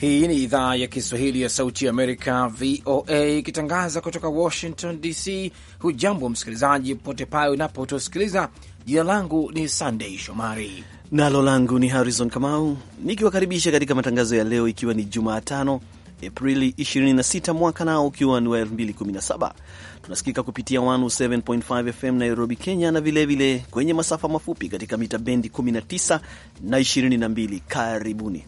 Hii ni idhaa ya Kiswahili ya Sauti ya Amerika, VOA, ikitangaza kutoka Washington DC. Hujambo msikilizaji, popote pale unapotusikiliza. Jina langu ni Sandei Shomari nalo langu ni Harrison Kamau, nikiwakaribisha katika matangazo ya leo, ikiwa ni Jumatano Aprili 26 mwaka nao ukiwa ni wa 2017. Tunasikika kupitia 107.5 FM Nairobi, Kenya, na vilevile vile kwenye masafa mafupi katika mita bendi 19 na 22. Karibuni.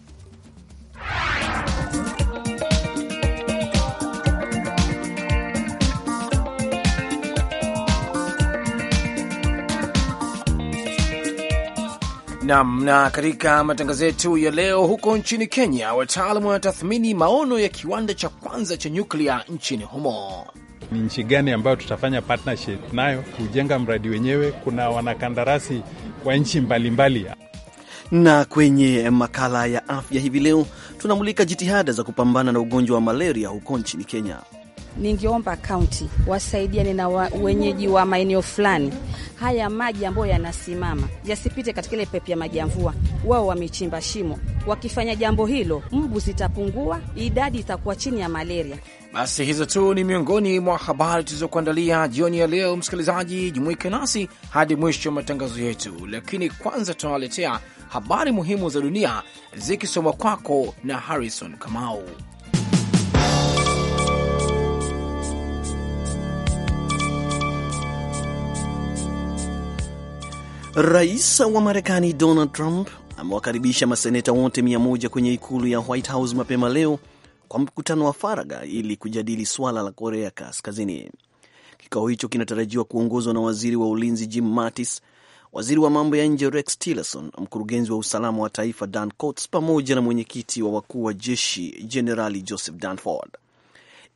Nam na katika matangazo yetu ya leo, huko nchini Kenya wataalamu wanatathmini maono ya kiwanda cha kwanza cha nyuklia nchini humo. Ni nchi gani ambayo tutafanya partnership nayo kujenga mradi wenyewe? Kuna wanakandarasi wa nchi mbalimbali. Na kwenye makala ya afya hivi leo tunamulika jitihada za kupambana na ugonjwa wa malaria huko nchini Kenya ningeomba kaunti wasaidiane na wa, wenyeji wa maeneo fulani, haya maji ambayo yanasimama yasipite katika ile pepi ya maji ya mvua. Wao wamechimba shimo, wakifanya jambo hilo mbu zitapungua, idadi itakuwa chini ya malaria. Basi hizo tu ni miongoni mwa habari tulizokuandalia jioni ya leo. Msikilizaji, jumuike nasi hadi mwisho wa matangazo yetu, lakini kwanza tunawaletea habari muhimu za dunia zikisomwa kwako na Harrison Kamau. Rais wa Marekani Donald Trump amewakaribisha maseneta wote mia moja kwenye ikulu ya White House mapema leo kwa mkutano wa faraga ili kujadili swala la Korea Kaskazini. Kikao hicho kinatarajiwa kuongozwa na waziri wa ulinzi Jim Mattis, waziri wa mambo ya nje Rex Tillerson, mkurugenzi wa usalama wa taifa Dan Coats pamoja na mwenyekiti wa wakuu wa jeshi Jenerali Joseph Dunford.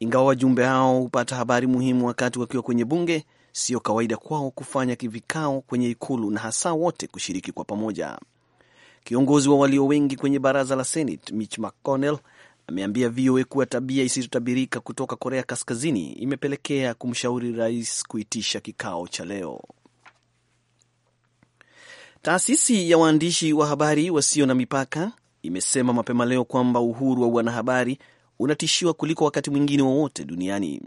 Ingawa wajumbe hao hupata habari muhimu wakati wakiwa kwenye bunge, Sio kawaida kwao kufanya vikao kwenye ikulu na hasa wote kushiriki kwa pamoja. Kiongozi wa walio wengi kwenye baraza la Senate Mitch McConnell ameambia VOA kuwa tabia isiyotabirika kutoka Korea Kaskazini imepelekea kumshauri rais kuitisha kikao cha leo. Taasisi ya waandishi wa habari wasio na mipaka imesema mapema leo kwamba uhuru wa wanahabari unatishiwa kuliko wakati mwingine wowote duniani.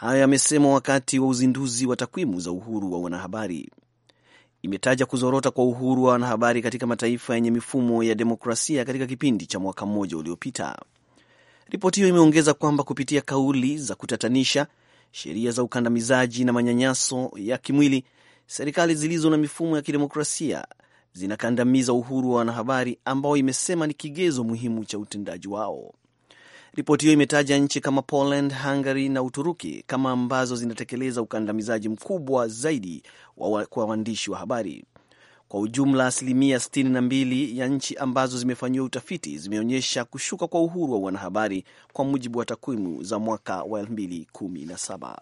Hayo yamesemwa wakati wa uzinduzi wa takwimu za uhuru wa wanahabari. Imetaja kuzorota kwa uhuru wa wanahabari katika mataifa yenye mifumo ya demokrasia katika kipindi cha mwaka mmoja uliopita. Ripoti hiyo imeongeza kwamba kupitia kauli za kutatanisha, sheria za ukandamizaji na manyanyaso ya kimwili, serikali zilizo na mifumo ya kidemokrasia zinakandamiza uhuru wa wanahabari ambao imesema ni kigezo muhimu cha utendaji wao. Ripoti hiyo imetaja nchi kama Poland, Hungary na Uturuki kama ambazo zinatekeleza ukandamizaji mkubwa zaidi wa kwa waandishi wa habari. Kwa ujumla, asilimia 62 ya nchi ambazo zimefanyiwa utafiti zimeonyesha kushuka kwa uhuru wa wanahabari kwa mujibu wa takwimu za mwaka wa 2017.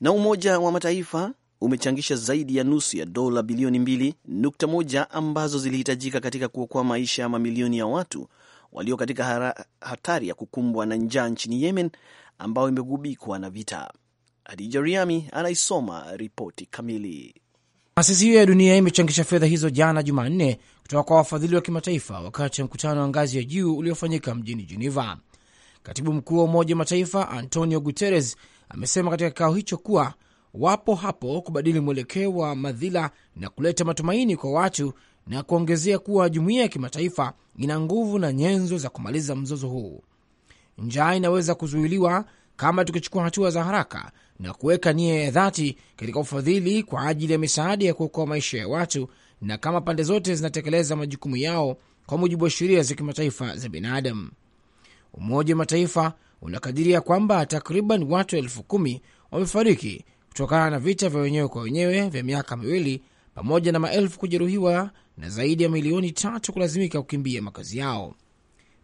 Na Umoja wa Mataifa umechangisha zaidi ya nusu ya dola bilioni 2.1 ambazo zilihitajika katika kuokoa maisha ya mamilioni ya watu walio katika hatari ya kukumbwa na njaa nchini Yemen ambayo imegubikwa na vita. Hadija Riami anaisoma ripoti kamili. Taasisi hiyo ya dunia imechangisha fedha hizo jana Jumanne kutoka kwa wafadhili wa kimataifa wakati ya mkutano wa ngazi ya juu uliofanyika mjini Geneva. Katibu mkuu wa Umoja wa Mataifa Antonio Guterres amesema katika kikao hicho kuwa wapo hapo kubadili mwelekeo wa madhila na kuleta matumaini kwa watu na kuongezea kuwa jumuiya ya kimataifa ina nguvu na nyenzo za kumaliza mzozo huu. Njaa inaweza kuzuiliwa kama tukichukua hatua za haraka na kuweka nia ya dhati katika ufadhili kwa ajili ya misaada ya kuokoa maisha ya watu na kama pande zote zinatekeleza majukumu yao kwa mujibu wa sheria za kimataifa za binadamu. Umoja wa Mataifa unakadiria kwamba takriban watu elfu kumi wamefariki kutokana na vita vya wenyewe kwa wenyewe vya miaka miwili pamoja na maelfu kujeruhiwa na zaidi ya milioni tatu kulazimika kukimbia makazi yao.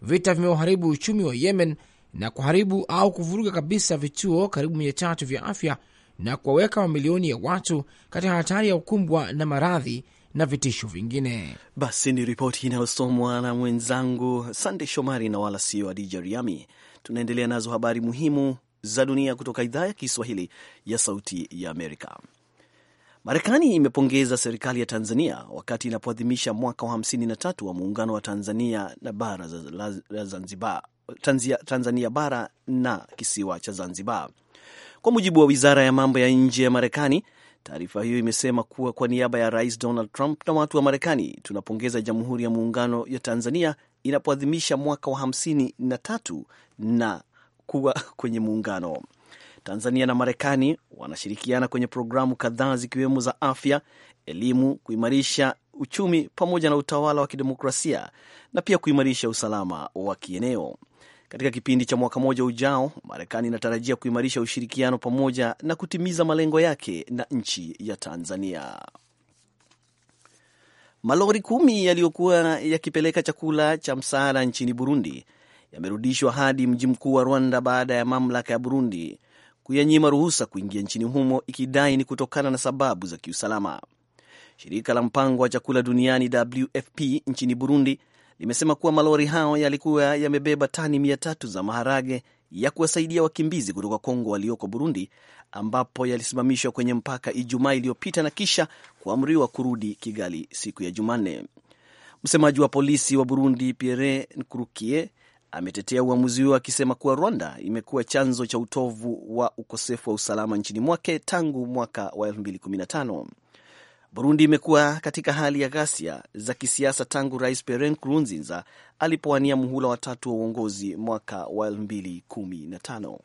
Vita vimeuharibu uchumi wa Yemen na kuharibu au kuvuruga kabisa vituo karibu mia tatu vya afya na kuwaweka mamilioni ya watu katika hatari ya kukumbwa na maradhi na vitisho vingine. Basi ni ripoti inayosomwa na mwenzangu Sande Shomari na wala sio Adija Riami. Tunaendelea nazo habari muhimu za dunia kutoka idhaa ya Kiswahili ya Sauti ya Amerika. Marekani imepongeza serikali ya Tanzania wakati inapoadhimisha mwaka wa 53 wa muungano wa Tanzania na bara la Zanzibar, Tanzania bara na kisiwa cha Zanzibar. Kwa mujibu wa wizara ya mambo ya nje ya Marekani, taarifa hiyo imesema kuwa kwa niaba ya Rais Donald Trump na watu wa Marekani, tunapongeza Jamhuri ya Muungano ya Tanzania inapoadhimisha mwaka wa 5tatu na kuwa kwenye muungano. Tanzania na Marekani wanashirikiana kwenye programu kadhaa zikiwemo za afya, elimu, kuimarisha uchumi pamoja na utawala wa kidemokrasia na pia kuimarisha usalama wa kieneo. Katika kipindi cha mwaka mmoja ujao, Marekani inatarajia kuimarisha ushirikiano pamoja na kutimiza malengo yake na nchi ya Tanzania. Malori kumi yaliyokuwa yakipeleka chakula cha msaada nchini Burundi yamerudishwa hadi mji mkuu wa Rwanda baada ya mamlaka ya Burundi kuyanyima ruhusa kuingia nchini humo ikidai ni kutokana na sababu za kiusalama. Shirika la mpango wa chakula duniani WFP nchini Burundi limesema kuwa malori hao yalikuwa yamebeba tani mia tatu za maharage ya kuwasaidia wakimbizi kutoka Kongo walioko Burundi, ambapo yalisimamishwa kwenye mpaka Ijumaa iliyopita na kisha kuamriwa kurudi Kigali siku ya Jumanne. Msemaji wa polisi wa Burundi Pierre Nkurukie ametetea uamuzi huo akisema kuwa Rwanda imekuwa chanzo cha utovu wa ukosefu wa usalama nchini mwake tangu mwaka wa 2015. Burundi imekuwa katika hali ya ghasia za kisiasa tangu Rais Pierre Nkurunziza alipowania muhula watatu wa uongozi mwaka wa 2015.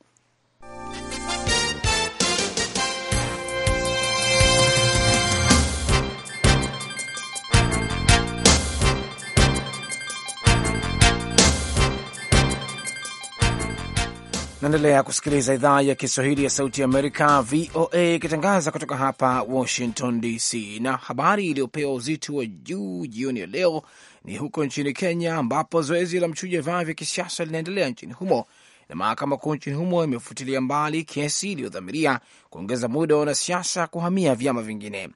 Naendelea kusikiliza idhaa ya Kiswahili ya Sauti ya Amerika, VOA, ikitangaza kutoka hapa Washington DC. Na habari iliyopewa uzito wa juu jioni ya leo ni huko nchini Kenya, ambapo zoezi la mchuja vyama vya kisiasa linaendelea nchini humo, na mahakama kuu nchini humo imefutilia mbali kesi iliyodhamiria kuongeza muda wa wanasiasa kuhamia vyama vingine.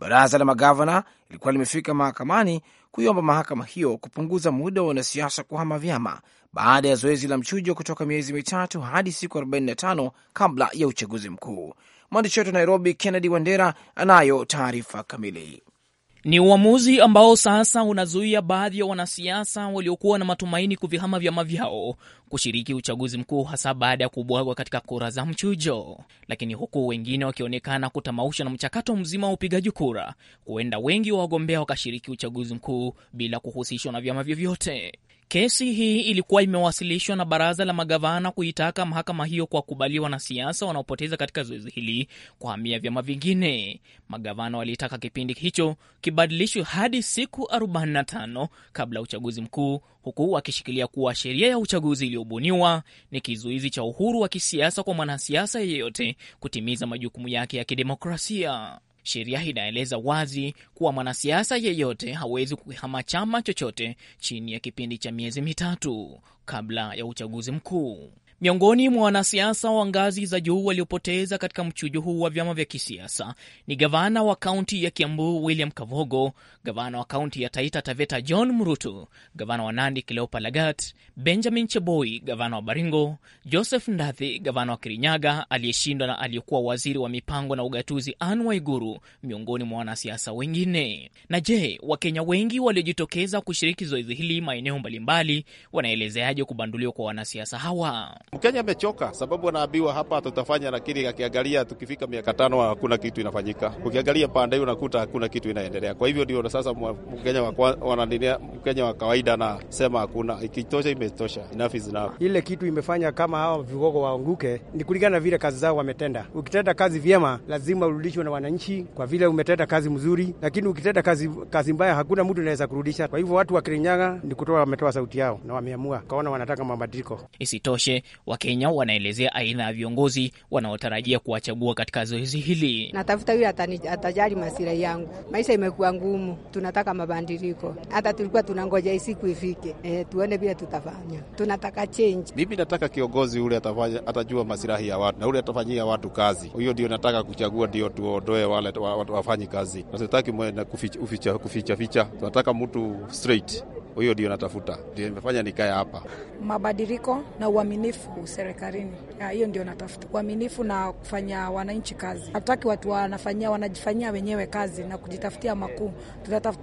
Baraza la magavana lilikuwa limefika mahakamani kuiomba mahakama hiyo kupunguza muda wa wanasiasa kuhama vyama baada ya zoezi la mchujo kutoka miezi mitatu hadi siku 45 kabla ya uchaguzi mkuu. Mwandishi wetu Nairobi, Kennedy Wandera, anayo taarifa kamili. Ni uamuzi ambao sasa unazuia baadhi ya wanasiasa waliokuwa na matumaini kuvihama vyama vyao kushiriki uchaguzi mkuu, hasa baada ya kubwagwa katika kura za mchujo. Lakini huku wengine wakionekana kutamausha na mchakato mzima wa upigaji kura, huenda wengi wa wagombea wakashiriki uchaguzi mkuu bila kuhusishwa na vyama vyovyote. Kesi hii ilikuwa imewasilishwa na baraza la magavana kuitaka mahakama hiyo kuwakubali wanasiasa wanaopoteza katika zoezi hili kuhamia vyama vingine. Magavana walitaka kipindi hicho kibadilishwe hadi siku 45 kabla ya uchaguzi mkuu, huku wakishikilia kuwa sheria ya uchaguzi iliyobuniwa ni kizuizi cha uhuru wa kisiasa kwa mwanasiasa yeyote kutimiza majukumu yake ya kidemokrasia. Sheria inaeleza wazi kuwa mwanasiasa yeyote hawezi kuhama chama chochote chini ya kipindi cha miezi mitatu kabla ya uchaguzi mkuu. Miongoni mwa wanasiasa wa ngazi za juu waliopoteza katika mchujo huu wa vyama vya kisiasa ni gavana wa kaunti ya Kiambu William Kavogo, gavana wa kaunti ya Taita Taveta John Mrutu, gavana wa Nandi Kileopa Lagat, Benjamin Cheboi gavana wa Baringo, Joseph Ndathi gavana wa Kirinyaga aliyeshindwa na aliyekuwa waziri wa mipango na ugatuzi Anne Waiguru, miongoni mwa wanasiasa wengine. Na je, Wakenya wengi waliojitokeza kushiriki zoezi hili maeneo mbalimbali wanaelezeaje kubanduliwa kwa wanasiasa hawa? Mkenya amechoka sababu anaambiwa hapa tutafanya, lakini akiangalia tukifika miaka tano hakuna kitu inafanyika. Ukiangalia pande hiyo unakuta hakuna kitu inaendelea. Kwa hivyo ndio sasa Mkenya wa Mkenya wa kawaida anasema hakuna, ikitosha imetosha, enough is enough. Ile kitu imefanya kama hawa vigogo waanguke ni kulingana na vile kazi zao wametenda. Ukitenda kazi vyema, lazima urudishwe na wananchi kwa vile umetenda kazi mzuri, lakini ukitenda kazi, kazi mbaya, hakuna mtu anaweza kurudisha. Kwa hivyo watu wa Kirinyaga ni kutoa, wametoa sauti yao na wameamua kaona wanataka mabadiliko. Isitoshe Wakenya wanaelezea aina ya viongozi wanaotarajia kuwachagua katika zoezi hili. Natafuta yule atajali masilahi yangu. Maisha imekuwa ngumu, tunataka mabadiliko. Hata tulikuwa tunangoja isiku ifike, e, tuone vile tutafanya. Tunataka change. Mimi nataka kiongozi ule atafanya, atajua masilahi ya watu na ule atafanyia watu kazi. hiyo ndio nataka kuchagua, ndio tuondoe wale wafanyi kazi. Nataki kuficha kuficha ficha, tunataka mtu straight. ndio natafuta, ndio imefanya nikaya hapa. Mabadiliko na uaminifu tuko serikalini. Hiyo ndio natafuta, uaminifu na kufanya wananchi kazi. Hatutaki watu wanafanyia wanajifanyia wenyewe kazi na kujitafutia makuu.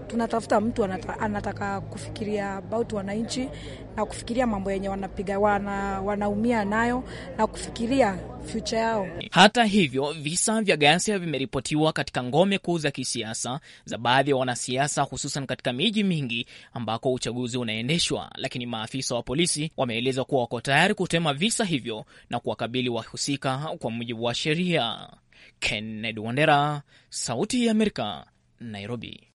Tunatafuta mtu anata, anataka kufikiria about wananchi na kufikiria mambo yenye wanapiga wana, wanaumia nayo na kufikiria future yao. Hata hivyo, visa vya ghasia vimeripotiwa katika ngome kuu za kisiasa za baadhi ya wanasiasa, hususan katika miji mingi ambako uchaguzi unaendeshwa, lakini maafisa wa polisi wameeleza kuwa wako tayari kutema visa hivyo na kuwakabili wahusika kwa mujibu wa sheria. Kennedy Wandera, Sauti ya Amerika, Nairobi.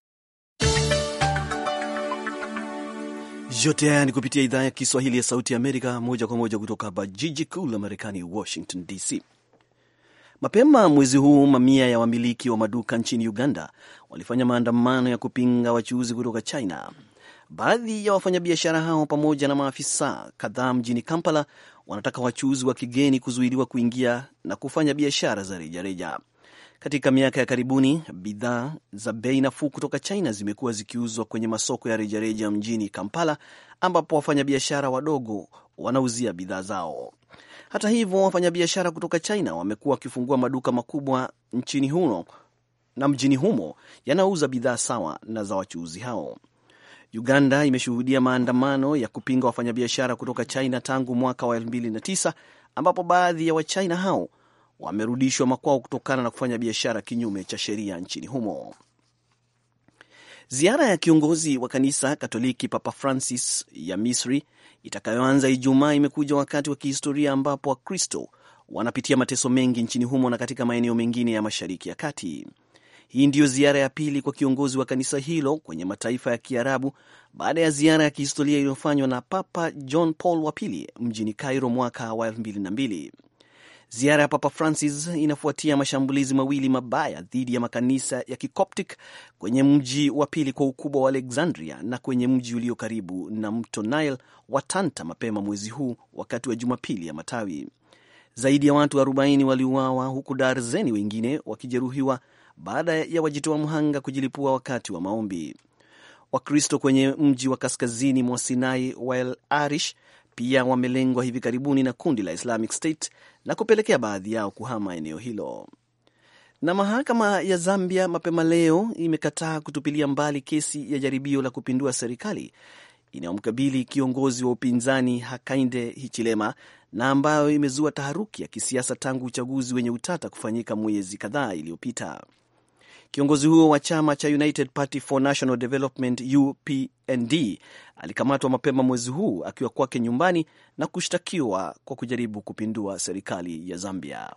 Yote haya ni kupitia idhaa ya Kiswahili ya Sauti ya Amerika, moja kwa moja kutoka hapa jiji kuu la Marekani, Washington DC. Mapema mwezi huu mamia ya wamiliki wa maduka nchini Uganda walifanya maandamano ya kupinga wachuuzi kutoka China. Baadhi ya wafanyabiashara hao pamoja na maafisa kadhaa mjini Kampala wanataka wachuuzi wa kigeni kuzuiliwa kuingia na kufanya biashara za rejareja. Katika miaka ya karibuni, bidhaa za bei nafuu kutoka China zimekuwa zikiuzwa kwenye masoko ya rejareja mjini Kampala, ambapo wafanyabiashara wadogo wanauzia bidhaa zao. Hata hivyo, wafanyabiashara kutoka China wamekuwa wakifungua maduka makubwa nchini humo na mjini humo yanauza bidhaa sawa na za wachuuzi hao. Uganda imeshuhudia maandamano ya kupinga wafanyabiashara kutoka China tangu mwaka wa 2009 ambapo baadhi ya Wachina hao wamerudishwa makwao kutokana na kufanya biashara kinyume cha sheria nchini humo. Ziara ya kiongozi wa kanisa Katoliki Papa Francis ya Misri itakayoanza Ijumaa imekuja wakati wa kihistoria ambapo Wakristo wanapitia mateso mengi nchini humo na katika maeneo mengine ya Mashariki ya Kati. Hii ndiyo ziara ya pili kwa kiongozi wa kanisa hilo kwenye mataifa ya Kiarabu baada ya ziara ya kihistoria iliyofanywa na Papa John Paul wa pili mjini Cairo mwaka wa 2002. Ziara ya Papa Francis inafuatia mashambulizi mawili mabaya dhidi ya makanisa ya Kikoptic kwenye mji wa pili kwa ukubwa wa Alexandria na kwenye mji ulio karibu na mto Nile wa Tanta mapema mwezi huu wakati wa Jumapili ya Matawi. Zaidi ya watu 40 waliuawa huku darzeni wengine wakijeruhiwa baada ya wajitoa mhanga kujilipua wakati wa maombi. Wakristo kwenye mji wa kaskazini mwa Sinai wa El Arish pia wamelengwa hivi karibuni na kundi la Islamic State na kupelekea baadhi yao kuhama eneo hilo. Na mahakama ya Zambia mapema leo imekataa kutupilia mbali kesi ya jaribio la kupindua serikali inayomkabili kiongozi wa upinzani Hakainde Hichilema na ambayo imezua taharuki ya kisiasa tangu uchaguzi wenye utata kufanyika mwezi kadhaa iliyopita. Kiongozi huo wa chama cha United Party for National Development UPND alikamatwa mapema mwezi huu akiwa kwake nyumbani na kushtakiwa kwa kujaribu kupindua serikali ya Zambia.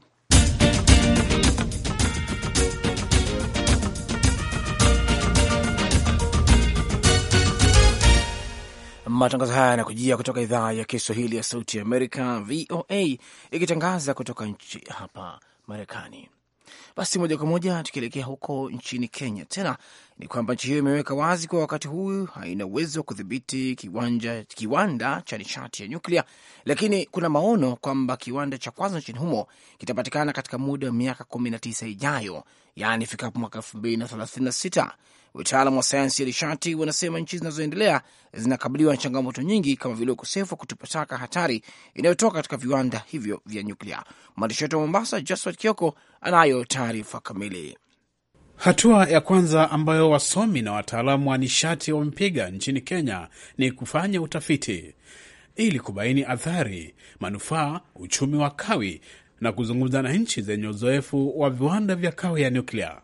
Matangazo haya yanakujia kutoka idhaa ya Kiswahili ya Sauti ya Amerika, VOA, ikitangaza kutoka nchi hapa Marekani. Basi moja kwa moja tukielekea huko nchini Kenya tena ni kwamba nchi hiyo imeweka wazi kwa wakati huu haina uwezo wa kudhibiti kiwanja kiwanda cha nishati ya nyuklia, lakini kuna maono kwamba kiwanda cha kwanza nchini humo kitapatikana katika muda wa miaka 19 ijayo, yaani ifikapo mwaka 2036. Wataalam wa sayansi ya nishati wanasema nchi zinazoendelea zinakabiliwa na changamoto nyingi kama vile ukosefu wa kutupa taka hatari inayotoka katika viwanda hivyo vya nyuklia. Mwandishi wetu wa Mombasa, Josphat Kioko, anayo taarifa kamili. Hatua ya kwanza ambayo wasomi na wataalamu wa nishati wamepiga nchini Kenya ni kufanya utafiti ili kubaini athari, manufaa, uchumi wa kawi na kuzungumza na nchi zenye uzoefu wa viwanda vya kawi ya nyuklia.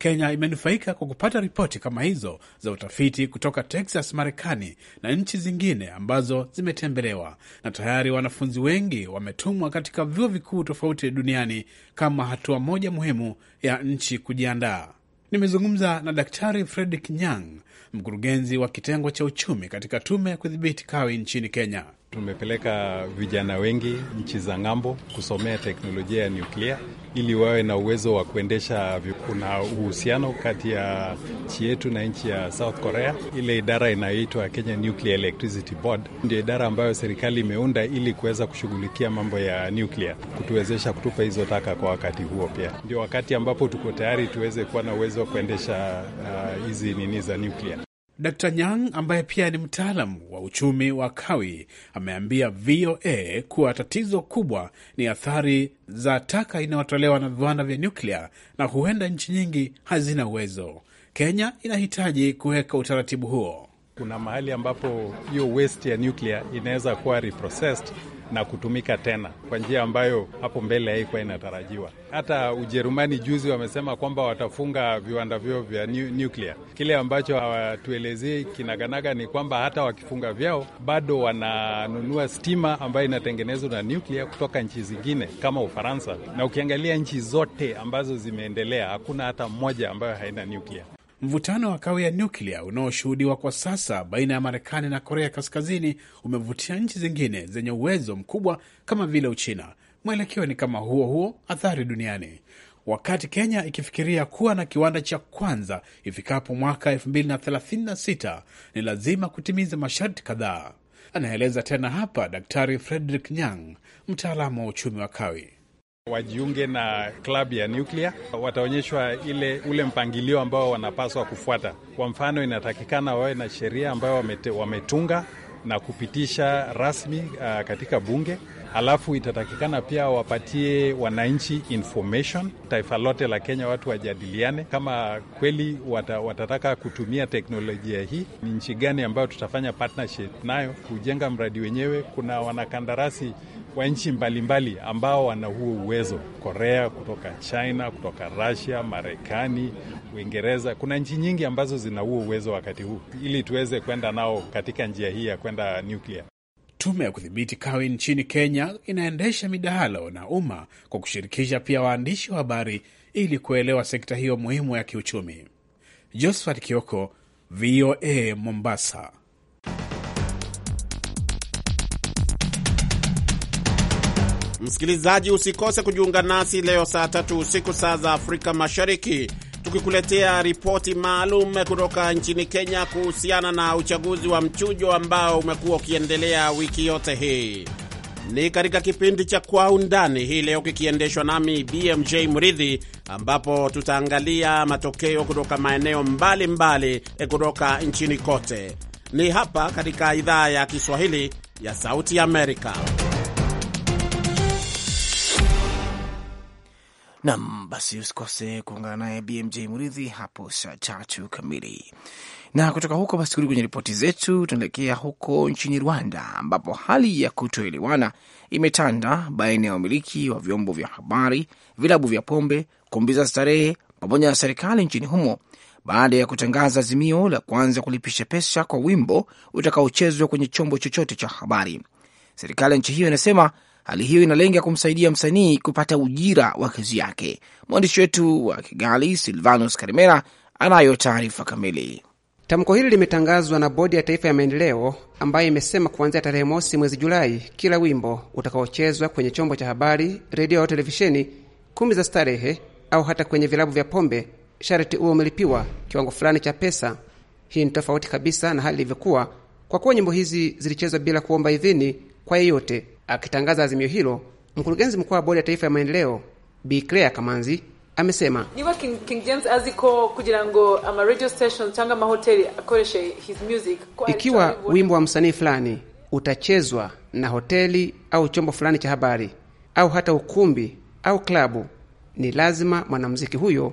Kenya imenufaika kwa kupata ripoti kama hizo za utafiti kutoka Texas, Marekani na nchi zingine ambazo zimetembelewa, na tayari wanafunzi wengi wametumwa katika vyuo vikuu tofauti duniani kama hatua moja muhimu ya nchi kujiandaa. Nimezungumza na Daktari Fredrick Nyang, mkurugenzi wa kitengo cha uchumi katika tume ya kudhibiti kawi nchini Kenya. Tumepeleka vijana wengi nchi za ng'ambo kusomea teknolojia ya nyuklia ili wawe na uwezo wa kuendesha. Kuna uhusiano kati ya nchi yetu na nchi ya South Korea. Ile idara inayoitwa Kenya Nuclear Electricity Board ndio idara ambayo serikali imeunda ili kuweza kushughulikia mambo ya nuclear, kutuwezesha kutupa hizo taka kwa wakati huo. Pia ndio wakati ambapo tuko tayari tuweze kuwa na uwezo wa kuendesha ah, hizi uh, nini za nuclear. Dkt Nyang ambaye pia ni mtaalam wa uchumi wa kawi ameambia VOA kuwa tatizo kubwa ni athari za taka inayotolewa na viwanda vya nyuklia, na huenda nchi nyingi hazina uwezo. Kenya inahitaji kuweka utaratibu huo kuna mahali ambapo hiyo waste ya nuclear inaweza kuwa reprocessed na kutumika tena kwa njia ambayo hapo mbele haikuwa inatarajiwa. Hata Ujerumani juzi wamesema kwamba watafunga viwanda vyao vya nuclear. Kile ambacho hawatuelezei kinaganaga ni kwamba hata wakifunga vyao bado wananunua stima ambayo inatengenezwa na nuclear kutoka nchi zingine kama Ufaransa, na ukiangalia nchi zote ambazo zimeendelea hakuna hata mmoja ambayo haina nuklia Mvutano wa kawi ya nyuklia unaoshuhudiwa kwa sasa baina ya Marekani na Korea Kaskazini umevutia nchi zingine zenye uwezo mkubwa kama vile Uchina. Mwelekeo ni kama huo huo athari duniani, wakati Kenya ikifikiria kuwa na kiwanda cha kwanza ifikapo mwaka 2036 ni lazima kutimiza masharti kadhaa. Anaeleza tena hapa Daktari Frederick Nyang, mtaalamu wa uchumi wa kawi wajiunge na klabu ya nuklia, wataonyeshwa ile ule mpangilio ambao wanapaswa kufuata. Kwa mfano, inatakikana wawe na sheria ambayo wametunga na kupitisha rasmi uh, katika bunge. Alafu itatakikana pia wapatie wananchi information. Taifa lote la Kenya watu wajadiliane kama kweli wata, watataka kutumia teknolojia hii. Ni nchi gani ambayo tutafanya partnership nayo kujenga mradi wenyewe? Kuna wanakandarasi wa nchi mbalimbali ambao wana huo uwezo, Korea, kutoka China, kutoka Russia, Marekani, Uingereza. Kuna nchi nyingi ambazo zina huo uwezo wakati huu, ili tuweze kwenda nao katika njia hii ya kwenda nuklia Tume ya kudhibiti kawi nchini Kenya inaendesha midahalo na umma kwa kushirikisha pia waandishi wa habari ili kuelewa sekta hiyo muhimu ya kiuchumi. Josephat Kioko, VOA Mombasa. Msikilizaji, usikose kujiunga nasi leo saa tatu usiku saa za Afrika Mashariki, tukikuletea ripoti maalum kutoka nchini Kenya kuhusiana na uchaguzi wa mchujo ambao umekuwa ukiendelea wiki yote hii. Ni katika kipindi cha Kwa Undani hii leo kikiendeshwa nami BMJ Mridhi, ambapo tutaangalia matokeo kutoka maeneo mbalimbali kutoka nchini kote. Ni hapa katika idhaa ya Kiswahili ya Sauti Amerika. Nam, basi usikose kuungana naye BMJ Muridhi hapo saa tatu kamili. Na kutoka huko basi, kurudi kwenye ripoti zetu, tunaelekea huko nchini Rwanda ambapo hali ya kutoelewana imetanda baina ya wamiliki wa vyombo vya habari, vilabu vya pombe, kumbi za starehe pamoja na serikali nchini humo baada ya kutangaza azimio la kuanza kulipisha pesa kwa wimbo utakaochezwa kwenye chombo chochote cha habari. Serikali ya nchi hiyo inasema Hali hiyo inalenga kumsaidia msanii kupata ujira wa kazi yake. Mwandishi wetu wa Kigali, Silvanus Karimera, anayo taarifa kamili. Tamko hili limetangazwa na Bodi ya Taifa ya Maendeleo, ambayo imesema kuanzia tarehe mosi mwezi Julai, kila wimbo utakaochezwa kwenye chombo cha habari, redio au televisheni, kumbi za starehe au hata kwenye vilabu vya pombe, sharti huo umelipiwa kiwango fulani cha pesa. Hii ni tofauti kabisa na hali ilivyokuwa, kwa kuwa nyimbo hizi zilichezwa bila kuomba idhini kwa yeyote Akitangaza azimio hilo, mkurugenzi mkuu wa Bodi ya Taifa ya Maendeleo Bi Claire Kamanzi amesema niwa King, King James aziko kugira ngo ama radio station cyangwa mahoteli akoreshe his music, ikiwa wimbo wa msanii fulani utachezwa na hoteli au chombo fulani cha habari au hata ukumbi au klabu, ni lazima mwanamuziki huyo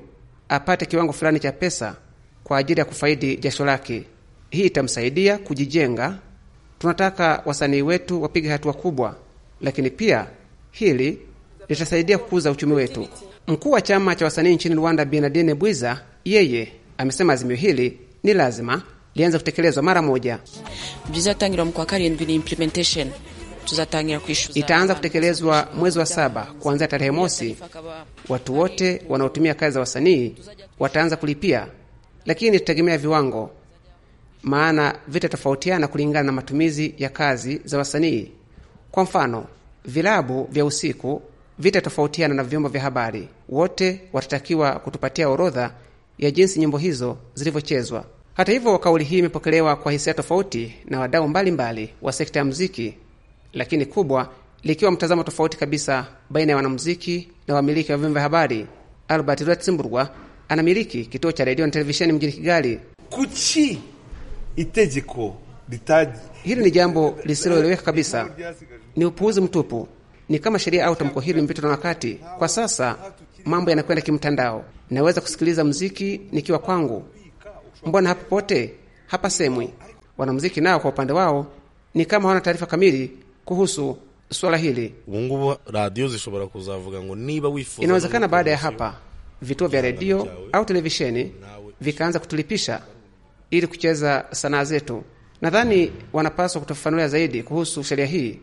apate kiwango fulani cha pesa kwa ajili ya kufaidi jasho lake. Hii itamsaidia kujijenga. Tunataka wasanii wetu wapige hatua kubwa lakini pia hili litasaidia kukuza uchumi wetu. Mkuu wa chama cha wasanii nchini Rwanda, Bernardine Bwiza, yeye amesema azimio hili ni lazima lianze kutekelezwa mara moja. Itaanza kutekelezwa mwezi wa saba kuanzia tarehe mosi. Watu wote wanaotumia kazi za wasanii wataanza kulipia, lakini tutegemea viwango, maana vita tofautiana kulingana na matumizi ya kazi za wasanii. Kwa mfano, vilabu vya usiku vitatofautiana na vyombo vya habari. Wote watatakiwa kutupatia orodha ya jinsi nyimbo hizo zilivyochezwa. Hata hivyo, kauli hii imepokelewa kwa hisia tofauti na wadau mbalimbali wa sekta ya muziki, lakini kubwa likiwa mtazamo tofauti kabisa baina ya wanamuziki na wamiliki wa vyombo vya habari. Albert Lwetsimburwa anamiliki kituo cha redio na televisheni mjini Kigali. kuchi itejeko Hili ni jambo lisiloeleweka kabisa, ni upuuzi mtupu, ni kama sheria au tamko hili mpito na wakati. Kwa sasa mambo yanakwenda kimtandao, naweza kusikiliza mziki nikiwa kwangu. Mbona hapa pote hapa semwi? Wanamziki nao kwa upande wao ni kama hawana taarifa kamili kuhusu swala hili. Inawezekana baada ya hapa vituo vya redio au televisheni vikaanza kutulipisha ili kucheza sanaa zetu. Nadhani wanapaswa kutofanulia zaidi kuhusu sheria hii,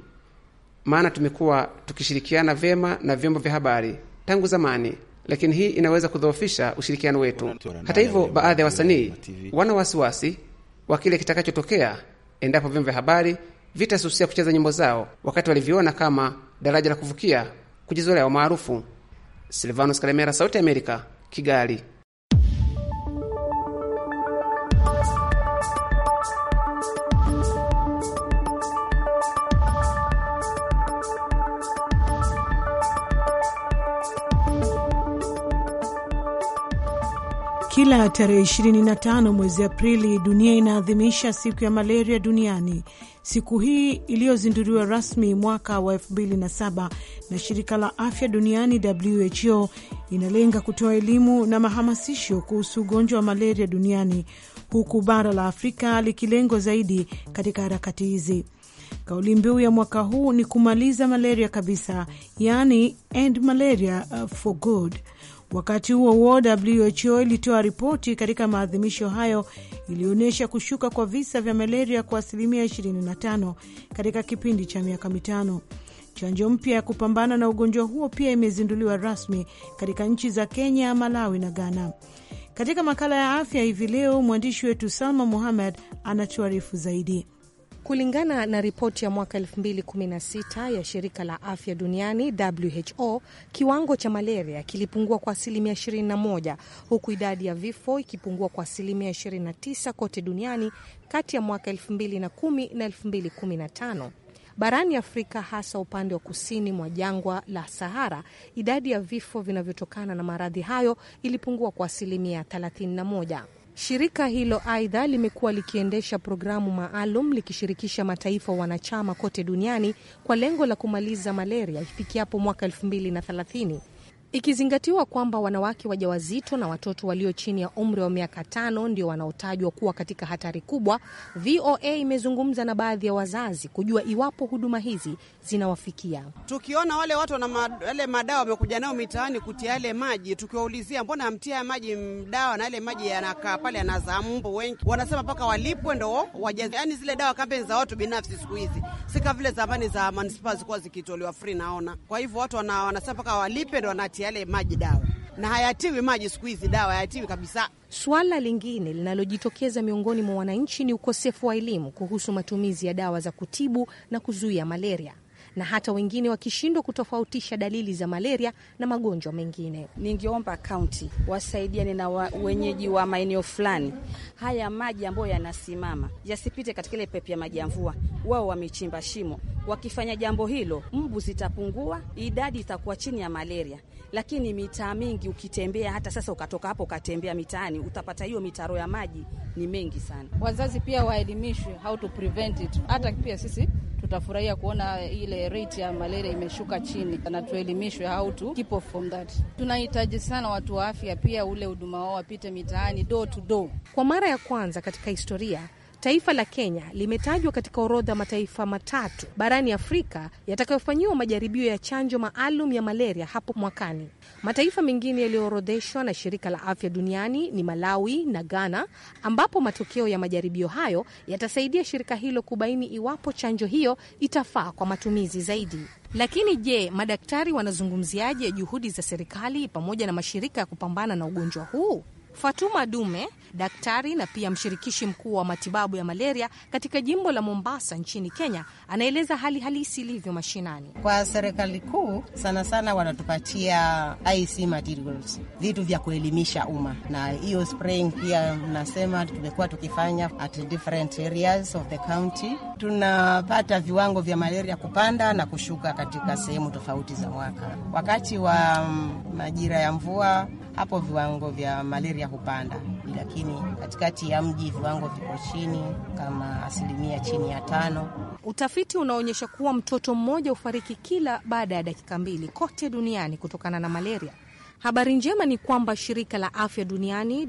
maana tumekuwa tukishirikiana vyema na vyombo vya habari tangu zamani, lakini hii inaweza kudhoofisha ushirikiano wetu. Hata hivyo, baadhi ya wasanii wana wasiwasi wa kile kitakachotokea endapo vyombo vya habari vitasusia kucheza nyimbo zao wakati walivyoona kama daraja la kuvukia kujizolea umaarufu. Silvanos Kalemera, Sauti ya Amerika, Kigali. Kila tarehe 25 mwezi Aprili dunia inaadhimisha siku ya malaria duniani. Siku hii iliyozinduliwa rasmi mwaka wa 2007 na shirika la afya duniani WHO inalenga kutoa elimu na mahamasisho kuhusu ugonjwa wa malaria duniani, huku bara la Afrika likilengwa zaidi katika harakati hizi. Kauli mbiu ya mwaka huu ni kumaliza malaria kabisa, yaani end malaria uh, for good. Wakati huo huo, WHO ilitoa ripoti katika maadhimisho hayo iliyoonyesha kushuka kwa visa vya malaria kwa asilimia 25 katika kipindi cha miaka mitano. Chanjo mpya ya kupambana na ugonjwa huo pia imezinduliwa rasmi katika nchi za Kenya, Malawi na Ghana. Katika makala ya afya hivi leo, mwandishi wetu Salma Muhammad anatuarifu zaidi. Kulingana na ripoti ya mwaka 2016 ya shirika la afya duniani WHO, kiwango cha malaria kilipungua kwa asilimia 21 huku idadi ya vifo ikipungua kwa asilimia 29 kote duniani kati ya mwaka 2010 na 2015. Barani Afrika, hasa upande wa kusini mwa jangwa la Sahara, idadi ya vifo vinavyotokana na maradhi hayo ilipungua kwa asilimia 31. Shirika hilo aidha limekuwa likiendesha programu maalum likishirikisha mataifa wanachama kote duniani kwa lengo la kumaliza malaria ifikiapo mwaka 2030 ikizingatiwa kwamba wanawake wajawazito na watoto walio chini ya umri wa miaka tano ndio wanaotajwa kuwa katika hatari kubwa. VOA imezungumza na baadhi ya wazazi kujua iwapo huduma hizi zinawafikia. Tukiona wale watu wana wale madawa wamekuja nao mitaani kutia yale maji, tukiwaulizia mbona hamtia maji mdawa na yale maji yanakaa pale yanazaa mbu, wengi wanasema mpaka walipwe ndo wajazi. Yani zile dawa kampeni za watu binafsi siku hizi sika vile zamani za manispaa zikuwa zikitolewa free, naona kwa hivyo watu wanasema mpaka walipe ndo wanatia yale maji dawa na hayatiwi maji siku hizi, dawa hayatiwi kabisa. Swala lingine linalojitokeza miongoni mwa wananchi ni ukosefu wa elimu kuhusu matumizi ya dawa za kutibu na kuzuia malaria na hata wengine wakishindwa kutofautisha dalili za malaria na magonjwa mengine. Ningeomba kaunti wasaidiane na wa, wenyeji wa maeneo fulani, haya maji ambayo yanasimama yasipite katika ile pepi ya maji ya mvua. Wao wamechimba shimo, wakifanya jambo hilo mbu zitapungua, idadi itakuwa chini ya malaria. Lakini mitaa mingi ukitembea, hata sasa ukatoka hapo ukatembea mitaani, utapata hiyo mitaro ya maji ni mengi sana. Wazazi pia waelimishwe how to prevent it, hata pia sisi tutafurahia kuona ile rate ya malaria imeshuka chini, na tuelimishwe how to keep off from that. Tunahitaji sana watu wa afya pia ule huduma wao wapite mitaani door to door. Kwa mara ya kwanza katika historia Taifa la Kenya limetajwa katika orodha mataifa matatu barani Afrika yatakayofanyiwa majaribio ya chanjo maalum ya malaria hapo mwakani. Mataifa mengine yaliyoorodheshwa na shirika la afya duniani ni Malawi na Ghana, ambapo matokeo ya majaribio hayo yatasaidia shirika hilo kubaini iwapo chanjo hiyo itafaa kwa matumizi zaidi. Lakini je, madaktari wanazungumziaje juhudi za serikali pamoja na mashirika ya kupambana na ugonjwa huu? Fatuma Dume daktari na pia mshirikishi mkuu wa matibabu ya malaria katika jimbo la Mombasa nchini Kenya, anaeleza hali halisi ilivyo mashinani. Kwa serikali kuu sana sana wanatupatia IC materials, vitu vya kuelimisha umma, na hiyo spraying pia nasema tumekuwa tukifanya at different areas of the county. Tunapata viwango vya malaria kupanda na kushuka katika sehemu tofauti za mwaka. Wakati wa mm, majira ya mvua, hapo viwango vya malaria hupanda, lakini chini, katikati ya mji viwango viko chini kama asilimia chini ya tano. Utafiti unaonyesha kuwa mtoto mmoja hufariki kila baada ya dakika mbili kote duniani kutokana na malaria. Habari njema ni kwamba shirika la afya duniani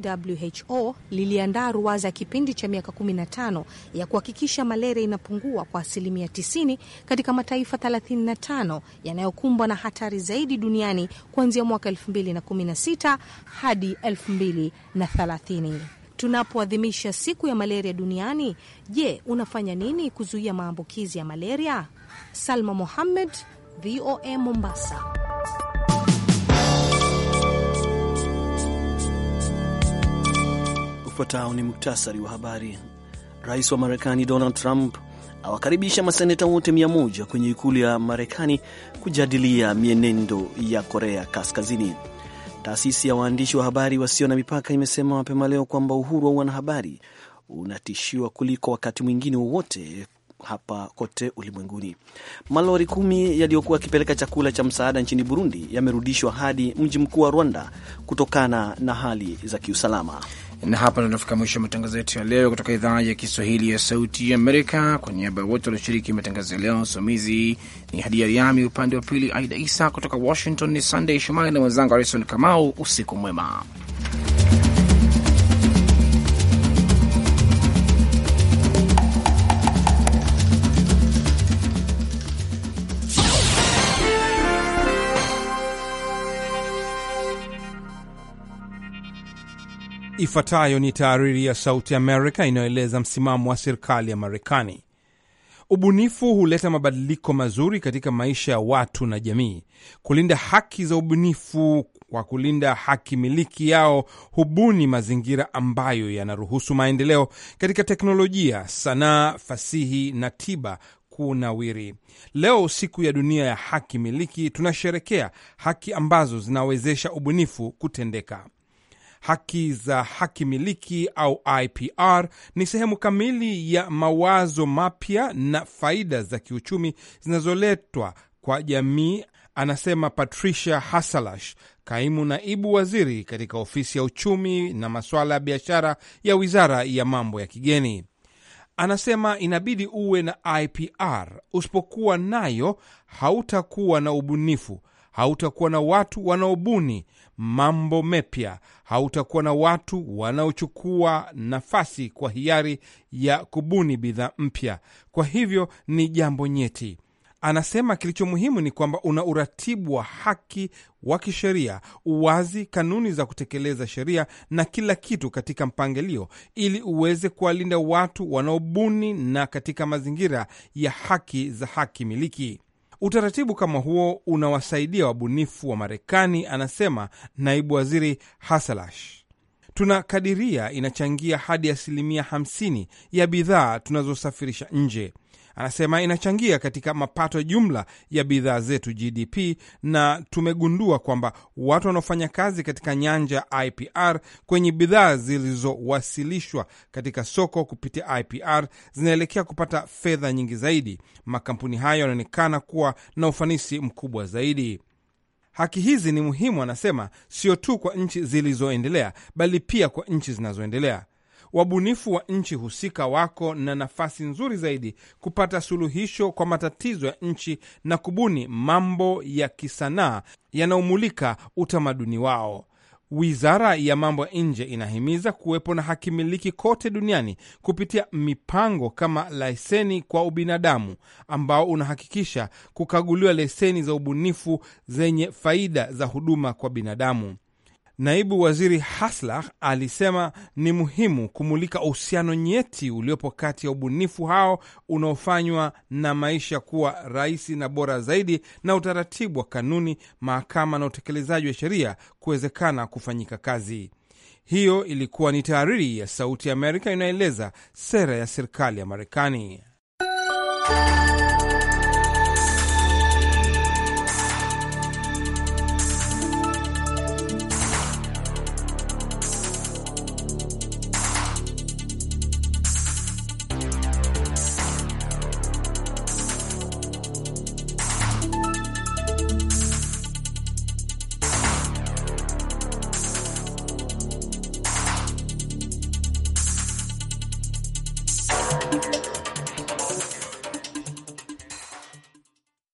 WHO liliandaa ruwaza ya kipindi cha miaka 15 ya kuhakikisha malaria inapungua kwa asilimia 90 katika mataifa 35 yanayokumbwa na hatari zaidi duniani kuanzia mwaka 2016 hadi 2030. Tunapoadhimisha siku ya malaria duniani, je, unafanya nini kuzuia maambukizi ya malaria? Salma muhammed VOA Mombasa. Ufuatao ni muktasari wa habari. Rais wa Marekani Donald Trump awakaribisha maseneta wote mia moja kwenye ikulu ya Marekani kujadilia mienendo ya Korea Kaskazini. Taasisi ya waandishi wa habari wasio na mipaka imesema mapema leo kwamba uhuru wa wanahabari unatishiwa kuliko wakati mwingine wowote hapa kote ulimwenguni. Malori kumi yaliyokuwa yakipeleka chakula cha msaada nchini Burundi yamerudishwa hadi mji mkuu wa Rwanda kutokana na hali za kiusalama na hapa ndo tunafika mwisho matangazo yetu ya leo kutoka idhaa ya Kiswahili ya Sauti ya Amerika. Kwa niaba ya wote walioshiriki matangazo ya leo, msimamizi ni Hadia Riami, upande wa pili Aida Isa. Kutoka Washington ni Sunday Shomari na mwenzangu Harison Kamau. Usiku mwema. Ifuatayo ni taariri ya Sauti Amerika inayoeleza msimamo wa serikali ya Marekani. Ubunifu huleta mabadiliko mazuri katika maisha ya watu na jamii. Kulinda haki za ubunifu kwa kulinda haki miliki yao hubuni mazingira ambayo yanaruhusu maendeleo katika teknolojia, sanaa, fasihi na tiba kunawiri. Leo siku ya dunia ya haki miliki, tunasherekea haki ambazo zinawezesha ubunifu kutendeka haki za haki miliki au IPR ni sehemu kamili ya mawazo mapya na faida za kiuchumi zinazoletwa kwa jamii, anasema Patricia hasalash kaimu naibu waziri katika ofisi ya uchumi na masuala ya biashara ya wizara ya mambo ya kigeni. Anasema inabidi uwe na IPR. Usipokuwa nayo, hautakuwa na ubunifu, hautakuwa na watu wanaobuni, mambo mepya. Hautakuwa na watu wanaochukua nafasi kwa hiari ya kubuni bidhaa mpya. Kwa hivyo ni jambo nyeti. Anasema kilicho muhimu ni kwamba una uratibu wa haki wa kisheria, uwazi, kanuni za kutekeleza sheria na kila kitu katika mpangilio, ili uweze kuwalinda watu wanaobuni na katika mazingira ya haki za haki miliki. Utaratibu kama huo unawasaidia wabunifu wa Marekani, anasema naibu waziri Haselash tunakadiria inachangia hadi asilimia 50 ya bidhaa tunazosafirisha nje. Anasema inachangia katika mapato jumla ya bidhaa zetu GDP, na tumegundua kwamba watu wanaofanya kazi katika nyanja IPR kwenye bidhaa zilizowasilishwa katika soko kupitia IPR zinaelekea kupata fedha nyingi zaidi. Makampuni hayo yanaonekana kuwa na ufanisi mkubwa zaidi. Haki hizi ni muhimu, anasema, sio tu kwa nchi zilizoendelea, bali pia kwa nchi zinazoendelea. Wabunifu wa nchi husika wako na nafasi nzuri zaidi kupata suluhisho kwa matatizo ya nchi na kubuni mambo ya kisanaa yanayomulika utamaduni wao. Wizara ya mambo ya nje inahimiza kuwepo na hakimiliki kote duniani kupitia mipango kama leseni kwa ubinadamu, ambao unahakikisha kukaguliwa leseni za ubunifu zenye faida za huduma kwa binadamu. Naibu Waziri Haslah alisema ni muhimu kumulika uhusiano nyeti uliopo kati ya ubunifu hao unaofanywa na maisha kuwa rahisi na bora zaidi, na utaratibu wa kanuni, mahakama na utekelezaji wa sheria kuwezekana kufanyika kazi. Hiyo ilikuwa ni tahariri ya Sauti ya Amerika inayoeleza sera ya serikali ya Marekani.